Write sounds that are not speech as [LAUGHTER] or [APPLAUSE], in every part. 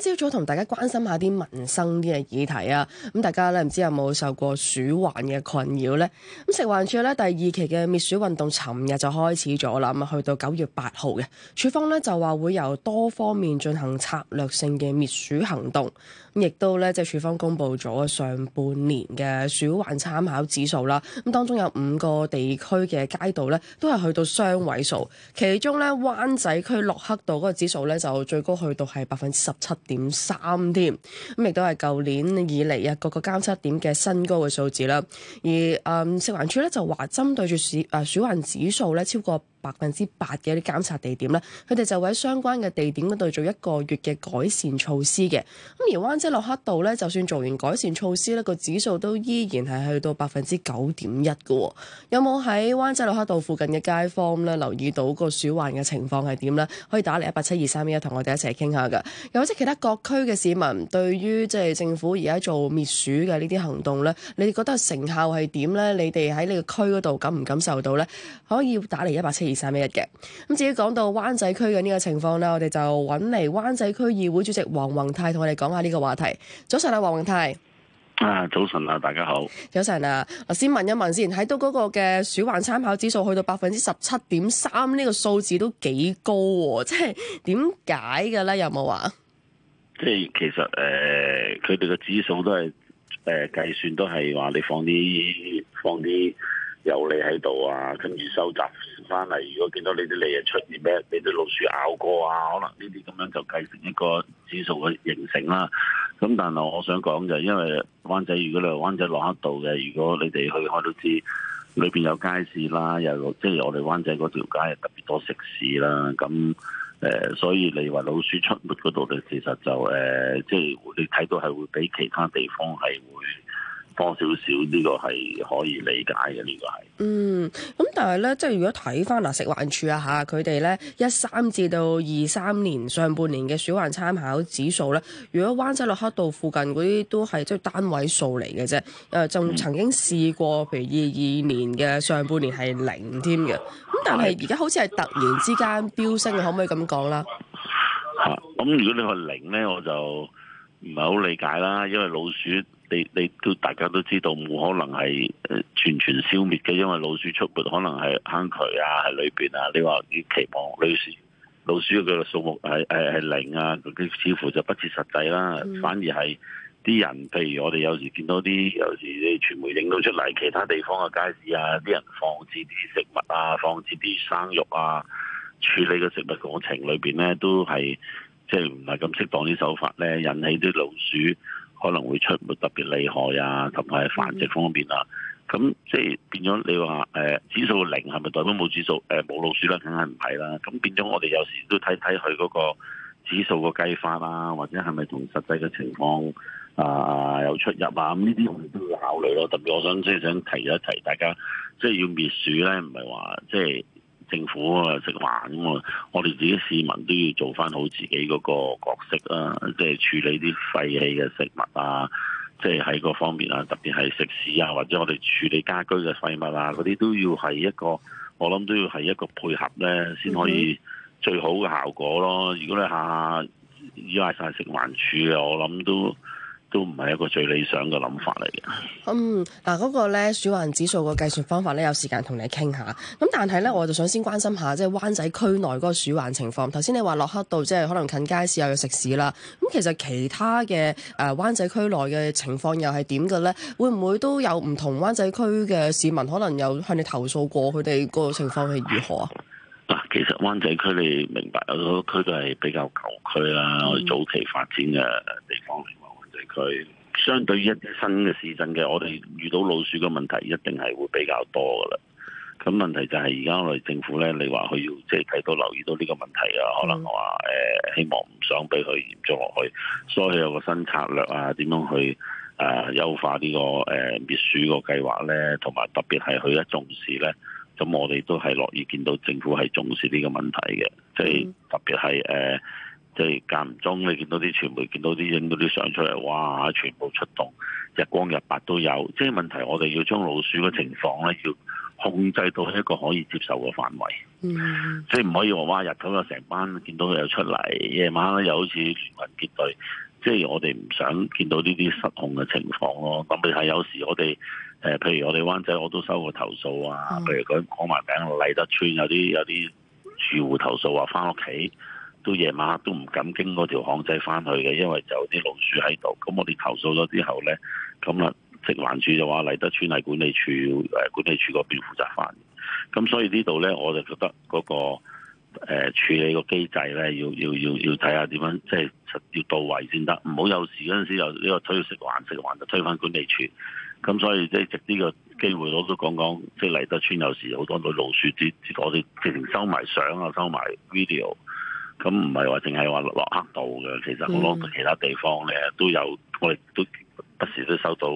朝早同大家關心下啲民生啲嘅議題啊，咁大家咧唔知有冇受過鼠患嘅困擾呢？咁食環署咧第二期嘅滅鼠運動，尋日就開始咗啦，咁去到九月八號嘅，署方咧就話會由多方面進行策略性嘅滅鼠行動。亦都咧，即係署方公布咗上半年嘅鼠患參考指數啦。咁當中有五個地區嘅街道咧，都係去到雙位數。其中咧，灣仔區洛克道嗰個指數咧，就最高去到係百分之十七點三添。咁亦都係舊年以嚟啊各個監測點嘅新高嘅數字啦。而誒、嗯、食環署咧就話，針對住鼠誒鼠患指數咧超過。百分之八嘅一啲監察地點咧，佢哋就會喺相關嘅地點嗰度做一個月嘅改善措施嘅。咁而灣仔洛克道咧，就算做完改善措施咧，個指數都依然係去到百分之九點一嘅。有冇喺灣仔洛克道附近嘅街坊咧，留意到個鼠患嘅情況係點咧？可以打嚟一八七二三一，同我哋一齊傾下噶。又或者其他各區嘅市民對於即係政府而家做滅鼠嘅呢啲行動咧，你哋覺得成效係點咧？你哋喺你個區嗰度感唔感受到咧？可以打嚟一八七二三尾嘅，咁至於講到灣仔區嘅呢個情況咧，我哋就搵嚟灣仔區議會主席黃宏泰同我哋講下呢個話題。早晨啊，黃宏泰。啊，早晨啊，大家好。早晨啊，我先問一問先，睇到嗰個嘅鼠患參考指數去到百分之十七點三，呢個數字都幾高，即係點解嘅咧？有冇話？即係其實誒，佢哋嘅指數都係誒計算都係話你放啲放啲。有你喺度啊，跟住收集翻嚟。如果見到你啲你啊出現咩，俾啲老鼠咬過啊，可能呢啲咁樣就計成一個指數嘅形成啦。咁但係我想講就因為灣仔如果你係灣仔駱克道嘅，如果你哋去開都知，裏邊有街市啦，又即係我哋灣仔嗰條街特別多食肆啦。咁誒、呃，所以你話老鼠出沒嗰度咧，其實就誒，即、呃、係、就是、你睇到係會比其他地方係會。多少少呢個係可以理解嘅，呢個係。嗯，咁但係咧，即係如果睇翻嗱，食環署啊嚇，佢哋咧一三至到二三年上半年嘅鼠患參考指數咧，如果灣仔洛克道附近嗰啲都係即係單位數嚟嘅啫。誒、呃，就曾經試過，譬如二二年嘅上半年係零添嘅。咁但係而家好似係突然之間飆升， [LAUGHS] 可唔可以咁講啦？嚇、嗯！咁如果你話零咧，我就唔係好理解啦，因為老鼠。你你都大家都知道，冇可能係誒，全全消滅嘅，因為老鼠出沒可能係坑渠啊，喺裏邊啊。你話要期望老鼠老鼠嘅數目係誒係零啊，佢似乎就不切實際啦。嗯、反而係啲人，譬如我哋有時見到啲有時啲傳媒影到出嚟，其他地方嘅街市啊，啲人放置啲食物啊，放置啲生肉啊，處理嘅食物過程裏邊咧，都係即係唔係咁適當啲手法咧，引起啲老鼠。可能會出沒特別厲害啊，同埋繁殖方面啊，咁即係變咗你話誒、呃、指數零係咪代表冇指數？誒、呃、冇老鼠、啊、啦，梗係唔係啦？咁變咗我哋有時都睇睇佢嗰個指數個計法啊，或者係咪同實際嘅情況啊、呃、有出入啊？咁呢啲我哋都會考慮咯、啊。特別我想即係想提一提大家，即係要滅鼠咧，唔係話即係。我啊食環咁啊，我哋自己市民都要做翻好自己嗰個角色啊，即係處理啲廢棄嘅食物啊，即係喺嗰方面啊，特別係食肆啊，或者我哋處理家居嘅廢物啊，嗰啲都要係一個，我諗都要係一個配合咧，先可以最好嘅效果咯。如果你下下依賴晒食環處嘅，我諗都。都唔係一個最理想嘅諗法嚟嘅。嗯，嗱、嗰個，嗰個咧，鼠患指數個計算方法咧，有時間同你傾下。咁但係咧，我就想先關心下，即係灣仔區內嗰個鼠患情況。頭先你話落黑道，即係可能近街市又有食肆啦。咁、嗯、其實其他嘅誒，呃、灣仔區內嘅情況又係點嘅咧？會唔會都有唔同灣仔區嘅市民可能有向你投訴過佢哋個情況係如何啊？嗱、嗯，其實灣仔區你明白，嗰、嗰個區都係比較舊區啦，我哋早期發展嘅地方佢相對於一啲新嘅市鎮嘅，我哋遇到老鼠嘅問題一定係會比較多噶啦。咁問題就係而家我哋政府咧，你話佢要即係睇到留意到呢個問題啊，可能我話誒希望唔想俾佢嚴重落去，所以有個新策略啊，點樣去啊、呃、優化呢個誒、呃、滅鼠個計劃咧，同埋特別係佢一重視咧，咁我哋都係樂意見到政府係重視呢個問題嘅，即係特別係誒。嗯呃即係間唔中，你見到啲傳媒，見到啲影到啲相出嚟，哇！全部出動，日光日白都有。即係問題，我哋要將老鼠嘅情況咧，要控制到一個可以接受嘅範圍。Mm. 即係唔可以話哇！日頭有成班見到佢又出嚟，夜晚又好似全民結隊。即係我哋唔想見到呢啲失控嘅情況咯。咁你係有時我哋誒，譬如我哋灣仔，我都收過投訴啊。Mm. 譬如講講埋名麗德邨有啲有啲住戶投訴話翻屋企。到夜晚黑都唔敢經嗰條巷仔翻去嘅，因為就啲老鼠喺度。咁我哋投訴咗之後呢，咁啊食環處就話黎德村係管理處，管理處嗰邊負責翻。咁所以呢度呢，我就覺得嗰個呃處理個機制呢，要要要睇下點樣，即係要到位先得。唔好有時嗰陣時又呢個推食環，食環就推翻管理處。咁所以即係藉呢個機會我都講講，即係黎德村有時好多都老鼠啲，我哋直情收埋相啊，收埋 video。咁唔係話淨係話落黑道嘅，其實好多其他地方咧都有，嗯、我哋都不時都收到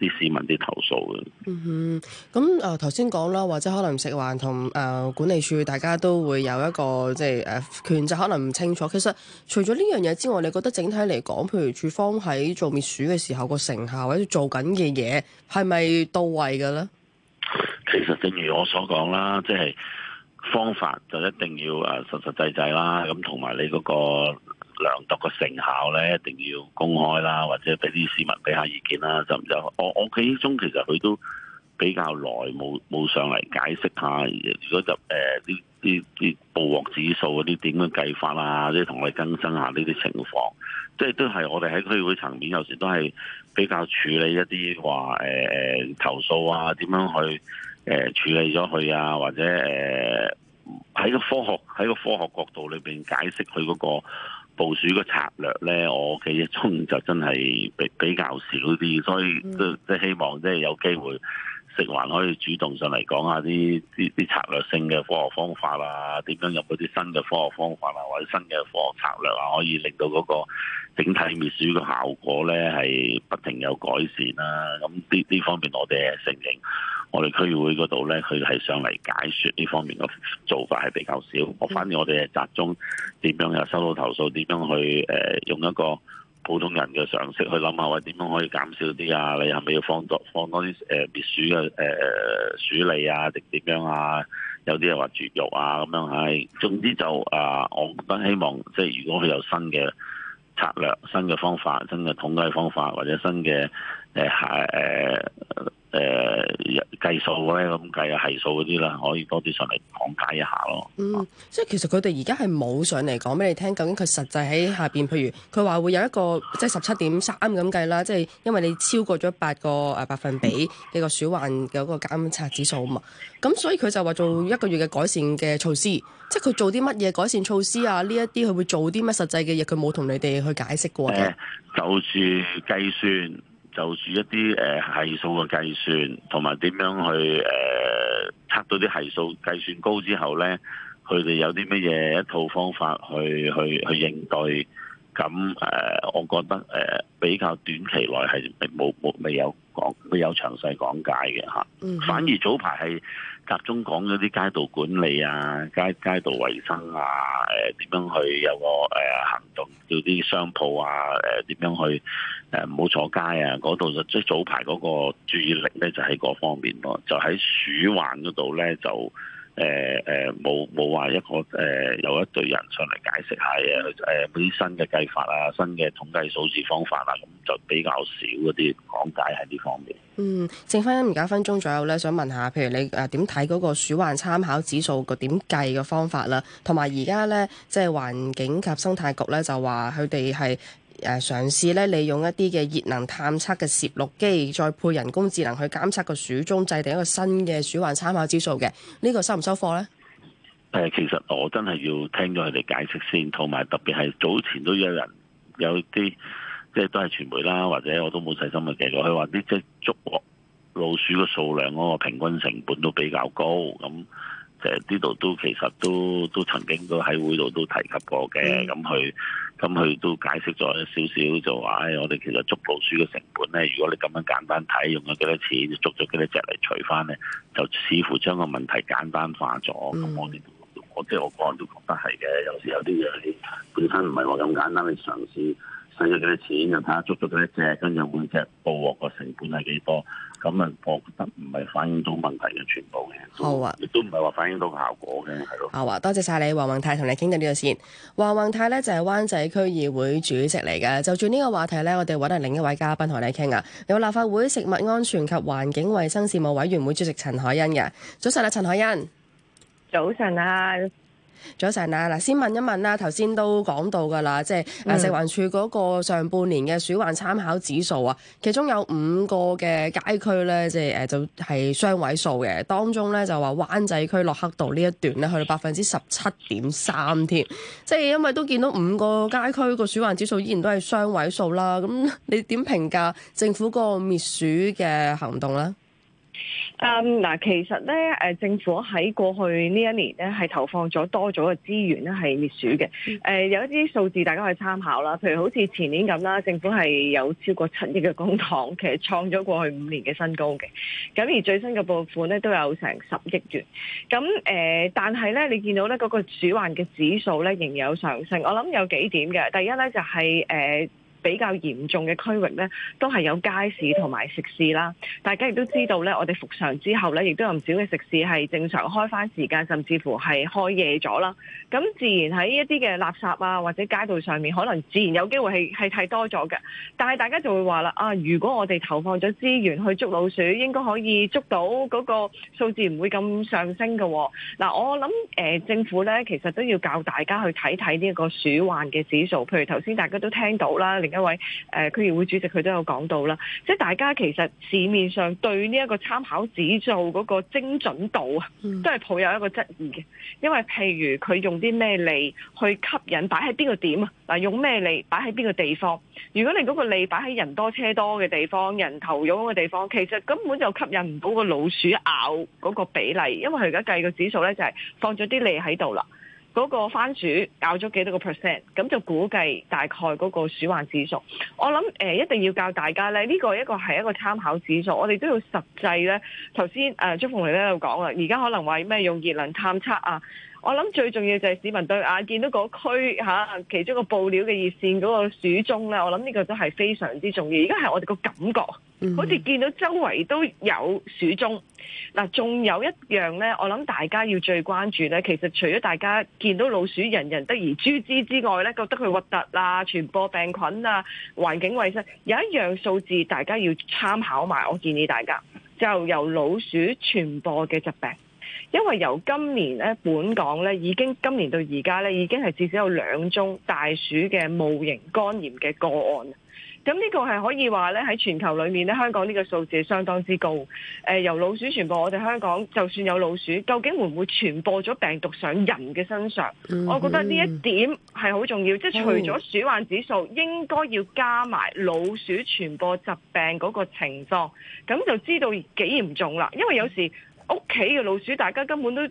啲市民啲投訴嘅。嗯哼，咁啊頭先講啦，或者可能食環同啊、呃、管理處，大家都會有一個即係誒、呃、權責可能唔清楚。其實除咗呢樣嘢之外，你覺得整體嚟講，譬如署方喺做滅鼠嘅時候個成效或者做緊嘅嘢係咪到位嘅咧？其實正如我所講啦，即係。方法就一定要誒實實際際啦，咁同埋你嗰個量度嘅成效咧，一定要公開啦，或者俾啲市民俾下意見啦，就唔就？我我記憶中其實佢都比較耐冇冇上嚟解釋下，如果就誒啲啲啲鼠患指數嗰啲點樣計法啊，即係同我哋更新下呢啲情況，即係都係我哋喺區議會層面有時都係比較處理一啲話誒誒投訴啊，點樣去，誒，處理咗佢啊，或者誒喺個科學喺個科學角度裏邊解釋佢嗰個部署嘅策略呢。我嘅嘢充就真係比比較少啲，所以即即希望即有機會食環可以主動上嚟講下啲啲策略性嘅科學方法啊，點樣入嗰啲新嘅科學方法啊，或者新嘅科學策略啊，可以令到嗰個整體滅鼠嘅效果呢係不停有改善啦。咁呢呢方面我哋係承認。我哋區議會嗰度呢，佢係上嚟解説呢方面嘅做法係比較少。我反而我哋係集中點樣又收到投訴，點樣去誒用一個普通人嘅常識去諗下，或者點樣可以減少啲啊？你係咪要放多放多啲誒滅鼠嘅誒鼠類啊？定點樣啊？有啲又話絕育啊咁樣。係，總之就啊，我覺得希望即係如果佢有新嘅策略、新嘅方法、新嘅統計方法或者新嘅。誒，係誒誒計數咧，咁計啊係數嗰啲啦，可以多啲上嚟講解一下咯。嗯，即係其實佢哋而家係冇上嚟講俾你聽，究竟佢實際喺下邊，譬如佢話會有一個即係十七點三咁計啦，即係因為你超過咗八個誒百分比嘅個鼠患有一個監察指數啊嘛，咁所以佢就話做一個月嘅改善嘅措施，即係佢做啲乜嘢改善措施啊？呢一啲佢會做啲乜實際嘅嘢？佢冇同你哋去解釋過嘅，嗯。就住、是、計算。就住一啲誒係數嘅計算，同埋點樣去誒測到啲係數計算高之後咧，佢哋有啲乜嘢一套方法去去去應對？咁誒，我覺得誒比較短期內係未冇冇未有講，未有詳細講解嘅嚇。嗯，反而早排係。集中講嗰啲街道管理啊、街街道衞生啊、誒、呃、點樣去有個誒、呃、行動，叫啲商鋪啊、誒、呃、點樣去唔好、呃、坐街啊，嗰度就即係早排嗰個注意力咧，就喺嗰方面咯、啊，就喺鼠患嗰度咧就。誒誒冇冇話一個誒、呃、有一隊人上嚟解釋下嘅誒啲新嘅計法啊、新嘅統計數字方法啦、啊，咁就比較少嗰啲講解喺呢方面。嗯，剩翻而家分鐘左右咧，想問下，譬如你誒點睇嗰個鼠患參考指數個點計嘅方法啦，同埋而家咧即係環境及生態局咧就話佢哋係。誒嘗試咧，利用一啲嘅熱能探測嘅攝錄機，再配人工智能去監測個鼠種，制定一個新嘅鼠患參考指數嘅，呢、這個收唔收貨呢？誒，其實我真係要聽咗佢哋解釋先，同埋特別係早前都有人有啲，即係都係傳媒啦，或者我都冇細心嘅記住，佢話啲即捉老鼠嘅數量嗰個平均成本都比較高咁。誒呢度都其實都都曾經都喺會度都提及過嘅，咁佢咁佢都解釋咗一少少，就話誒我哋其實捉老鼠嘅成本咧，如果你咁樣簡單睇，用咗幾多錢捉咗幾多隻嚟除翻咧，就似乎將個問題簡單化咗。咁、mm. 我哋我即係我個人都覺得係嘅，有時有啲嘢本身唔係話咁簡單，你嘗試。使咗幾多錢？又睇下捉咗幾多隻，跟住每隻捕獲個成本係幾多？咁啊，我覺得唔係反映到問題嘅全部嘅，好啊，亦都唔係話反映到效果嘅，係咯、啊。的好啊！多謝晒你，黃宏泰同你傾到呢度先。黃宏泰咧就係灣仔區議會主席嚟嘅。就住呢個話題咧，我哋揾嚟另一位嘉賓同你傾啊，有立法會食物安全及環境衛生事務委員會主席陳凱欣嘅。早晨啊，陳凱欣。早晨啊！早晨啊，嗱，先問一問啦。頭先都講到㗎啦，即係誒食環署嗰個上半年嘅鼠患參考指數啊，其中有五個嘅街區咧，即係誒就係、係呃就係、雙位數嘅，當中咧就話灣仔區洛克道呢一段咧去到百分之十七點三添，即係因為都見到五個街區個鼠患指數依然都係雙位數啦。咁你點評價政府個滅鼠嘅行動咧？啊嗱，um, 其實咧，誒、呃，政府喺過去呢一年咧，係投放咗多咗嘅資源咧，係滅鼠嘅。誒、呃，有一啲數字大家可以參考啦，譬如好似前年咁啦，政府係有超過七億嘅公帑，其實創咗過去五年嘅新高嘅。咁而最新嘅撥款咧，都有成十億元。咁、嗯、誒、呃，但係咧，你見到咧，嗰、那個鼠患嘅指數咧，仍有上升。我諗有幾點嘅，第一咧就係、是、誒。呃比較嚴重嘅區域呢，都係有街市同埋食肆啦。大家亦都知道呢，我哋復常之後呢，亦都有唔少嘅食肆係正常開翻時間，甚至乎係開夜咗啦。咁自然喺一啲嘅垃圾啊，或者街道上面，可能自然有機會係係太多咗嘅。但係大家就會話啦，啊，如果我哋投放咗資源去捉老鼠，應該可以捉到嗰個數字唔會咁上升嘅、哦。嗱、啊，我諗誒、呃、政府呢，其實都要教大家去睇睇呢個鼠患嘅指數，譬如頭先大家都聽到啦。一位誒，區議、呃、會主席佢都有講到啦，即係大家其實市面上對呢一個參考指數嗰個精準度啊，都係抱有一個質疑嘅，因為譬如佢用啲咩利去吸引，擺喺邊個點啊？嗱，用咩利擺喺邊個地方？如果你嗰個利擺喺人多車多嘅地方、人頭湧嘅地方，其實根本就吸引唔到個老鼠咬嗰個比例，因為佢而家計個指數咧就係、是、放咗啲利喺度啦。嗰個番薯搞咗幾多個 percent？咁就估計大概嗰個鼠患指數。我諗誒、呃，一定要教大家咧，呢、這個一個係一個參考指數。我哋都要實際咧。頭先誒張鳳玲咧有講啦，而、呃、家可能話咩用熱能探測啊？我諗最重要就係市民對啊，見到個區吓，其中一個報料嘅熱線嗰個鼠蹤咧，我諗呢個都係非常之重要。而家係我哋個感覺，好似見到周圍都有鼠蹤。嗱，仲有一樣咧，我諗大家要最關注咧，其實除咗大家見到老鼠人人得而誅之之外咧，覺得佢核突啦，傳播病菌啊，環境衛生有一樣數字大家要參考埋。我建議大家就由老鼠傳播嘅疾病。因為由今年咧，本港咧已經今年到而家咧，已經係至少有兩宗大鼠嘅戊型肝炎嘅個案。咁呢個係可以話咧喺全球裏面咧，香港呢個數字相當之高。誒、呃，由老鼠傳播，我哋香港就算有老鼠，究竟會唔會傳播咗病毒上人嘅身上？Mm hmm. 我覺得呢一點係好重要。Mm hmm. 即係除咗鼠患指數，應該要加埋老鼠傳播疾病嗰個情況，咁就知道幾嚴重啦。因為有時，屋企嘅老鼠，大家根本都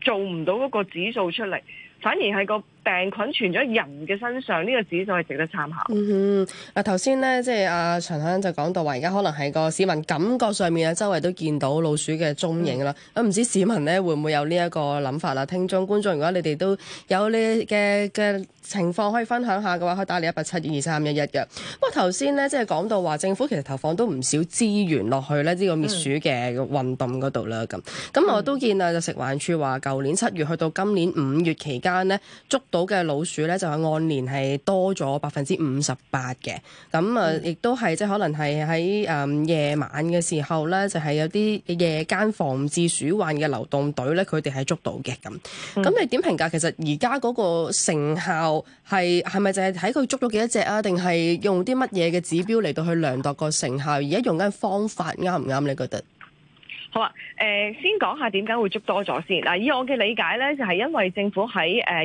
做唔到嗰個指數出嚟，反而係個。病菌存咗人嘅身上，呢、這個指數係值得參考。嗯哼，嗱頭先呢，即係阿陳香就講到話，而家可能係個市民感覺上面啊，周圍都見到老鼠嘅蹤影啦。咁唔、嗯、知市民呢會唔會有呢一個諗法啦？聽眾觀眾，如果你哋都有呢嘅嘅情況可以分享下嘅話，可以打嚟一八七二三一一嘅。不過頭先呢，即係講到話，政府其實投放都唔少資源落去呢，呢、這個滅鼠嘅運動嗰度啦。咁咁、嗯嗯、我都見啊，就食環署話，舊年七月去到今年五月,月期間呢。捉。到嘅老鼠咧，就係按年係多咗百分之五十八嘅咁啊，亦、嗯、都係即係可能係喺誒夜晚嘅時候咧，就係、是、有啲夜間防治鼠患嘅流動隊咧，佢哋係捉到嘅咁。咁、嗯、你點評價其實而家嗰個成效係係咪淨係睇佢捉咗幾多隻啊？定係用啲乜嘢嘅指標嚟到去量度個成效？而家用緊方法啱唔啱？你覺得？好啊，誒，先講下點解會捉多咗先。嗱，以我嘅理解咧，就係、是、因為政府喺誒二二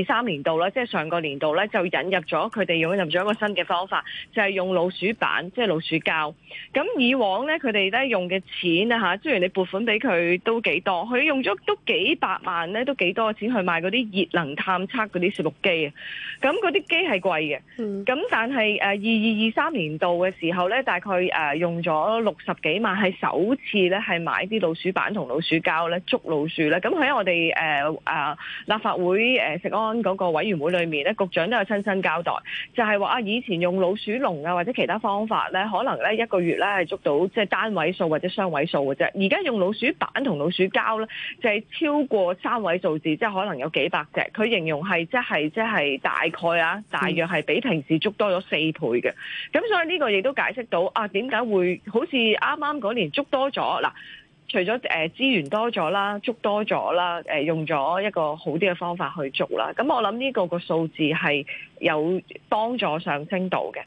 二三年度咧，即係上個年度咧，就引入咗佢哋用咗入咗一個新嘅方法，就係、是、用老鼠板，即係老鼠膠。咁以往咧，佢哋咧用嘅錢啊嚇，雖然你撥款俾佢都幾多，佢用咗都幾百萬咧，都幾多錢去買嗰啲熱能探測嗰啲攝錄機啊。咁嗰啲機係貴嘅，咁、嗯、但係誒二二二三年度嘅時候咧，大概誒、呃、用咗六十幾萬，係首次咧係。是買啲老鼠板同老鼠膠咧，捉老鼠咧。咁喺我哋誒、呃、啊立法會誒食安嗰個委員會裏面咧，局長都有親身交代，就係話啊，以前用老鼠籠啊或者其他方法咧，可能咧一個月咧係捉到即係單位數或者雙位數嘅啫。而家用老鼠板同老鼠膠咧，就係超過三位數字，即係可能有幾百隻。佢形容係即係即係大概啊，大約係比平時捉多咗四倍嘅。咁所以呢個亦都解釋到啊，點解會好似啱啱嗰年捉多咗嗱。除咗誒資源多咗啦，捉多咗啦，誒、呃、用咗一個好啲嘅方法去做啦，咁我諗呢個個數字係，有幫助上升到嘅，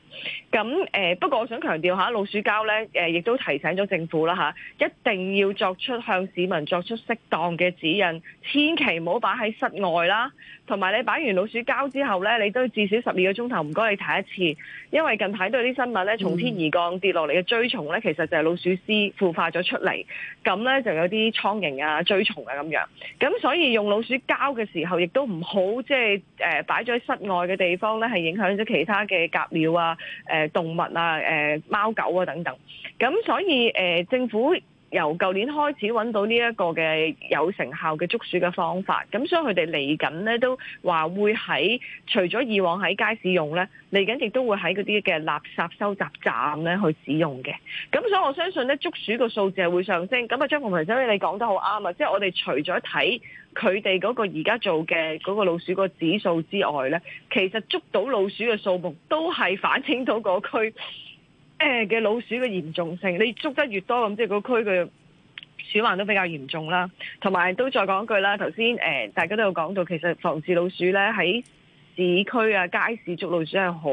咁誒不過我想強調嚇老鼠膠呢誒，亦都提醒咗政府啦嚇、啊，一定要作出向市民作出適當嘅指引，千祈唔好擺喺室外啦。同埋你擺完老鼠膠之後呢，你都要至少十二個鐘頭唔該你睇一次，因為近排都有啲新聞呢，從天而降跌落嚟嘅追蟲呢，其實就係老鼠屍腐化咗出嚟，咁呢就有啲蒼蠅啊、追蟲啊咁樣。咁所以用老鼠膠嘅時候，亦都唔好即係誒擺咗喺室外嘅地方。當咧係影響咗其他嘅甲鳥啊、誒、呃、動物啊、誒、呃、貓狗啊等等，咁所以誒、呃、政府。由舊年開始揾到呢一個嘅有成效嘅捉鼠嘅方法，咁所以佢哋嚟緊咧都話會喺除咗以往喺街市用咧，嚟緊亦都會喺嗰啲嘅垃圾收集站咧去使用嘅。咁所以我相信咧捉鼠個數字係會上升。咁啊張鳳文，所以你講得好啱啊！即係我哋除咗睇佢哋嗰個而家做嘅嗰個老鼠個指數之外咧，其實捉到老鼠嘅數目都係反映到個區，誒嘅老鼠嘅嚴重性，你捉得越多咁、嗯，即係嗰區嘅鼠患都比較嚴重啦。同埋都再講一句啦，頭先誒大家都有講到，其實防治老鼠咧喺市區啊街市捉老鼠係好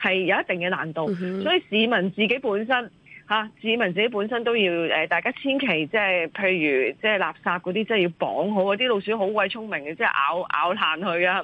係有一定嘅難度，mm hmm. 所以市民自己本身。嚇！市民自己本身都要誒、呃，大家千祈即係，譬如即係垃圾嗰啲，即係要綁好啊！啲老鼠好鬼聰明嘅，即係咬咬爛佢啊！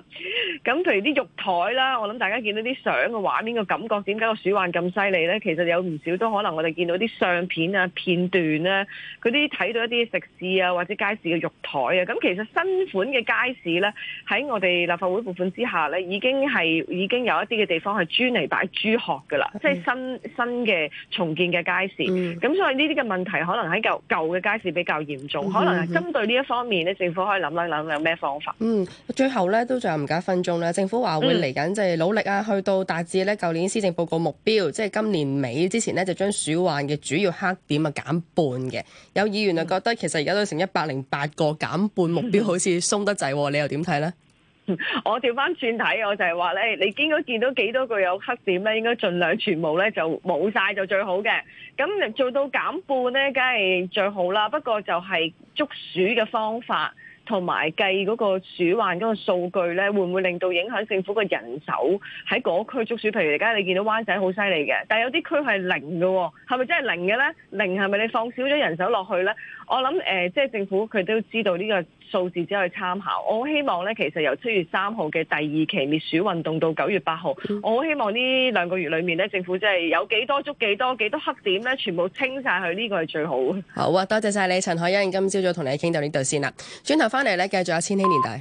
咁 [LAUGHS] 譬如啲肉台啦，我諗大家見到啲相嘅畫面嘅感覺，點解個鼠患咁犀利咧？其實有唔少都可能我哋見到啲相片啊、片段咧、啊，嗰啲睇到一啲食肆啊或者街市嘅肉台啊，咁其實新款嘅街市咧喺我哋立法會撥款之下咧，已經係已經有一啲嘅地方係專嚟擺豬殼㗎啦，即係新新嘅重建嘅街市，咁、嗯、所以呢啲嘅問題可能喺舊舊嘅街市比較嚴重，可能係針對呢一方面咧，政府可以諗一諗有咩方法。嗯，最後咧都仲有唔夠一分鐘啦，政府話會嚟緊即係努力啊，去到達至咧舊年施政報告目標，即係今年尾之前咧就將鼠患嘅主要黑點啊減半嘅。有議員就覺得其實而家都成一百零八個減半目標好鬆，好似鬆得滯，你又點睇呢？ [LAUGHS] 我調翻轉睇，我就係話咧，你應該見到幾多個有黑點咧，應該盡量全部咧就冇晒就最好嘅。咁你做到減半咧，梗係最好啦。不過就係捉鼠嘅方法同埋計嗰個鼠患嗰個數據咧，會唔會令到影響政府嘅人手喺嗰區捉鼠？譬如而家你見到灣仔好犀利嘅，但係有啲區係零㗎，係咪真係零嘅咧？零係咪你放少咗人手落去咧？我諗誒、呃，即係政府佢都知道呢、這個。數字只可以參考，我希望咧，其實由七月三號嘅第二期滅鼠運動到九月八號，我希望呢兩個月裏面咧，政府即係有幾多捉、幾多，幾多黑點咧，全部清晒去，呢個係最好嘅。好啊，多謝晒你，陳凱欣，今朝早同你傾到呢度先啦。轉頭翻嚟咧，繼續有千禧年代。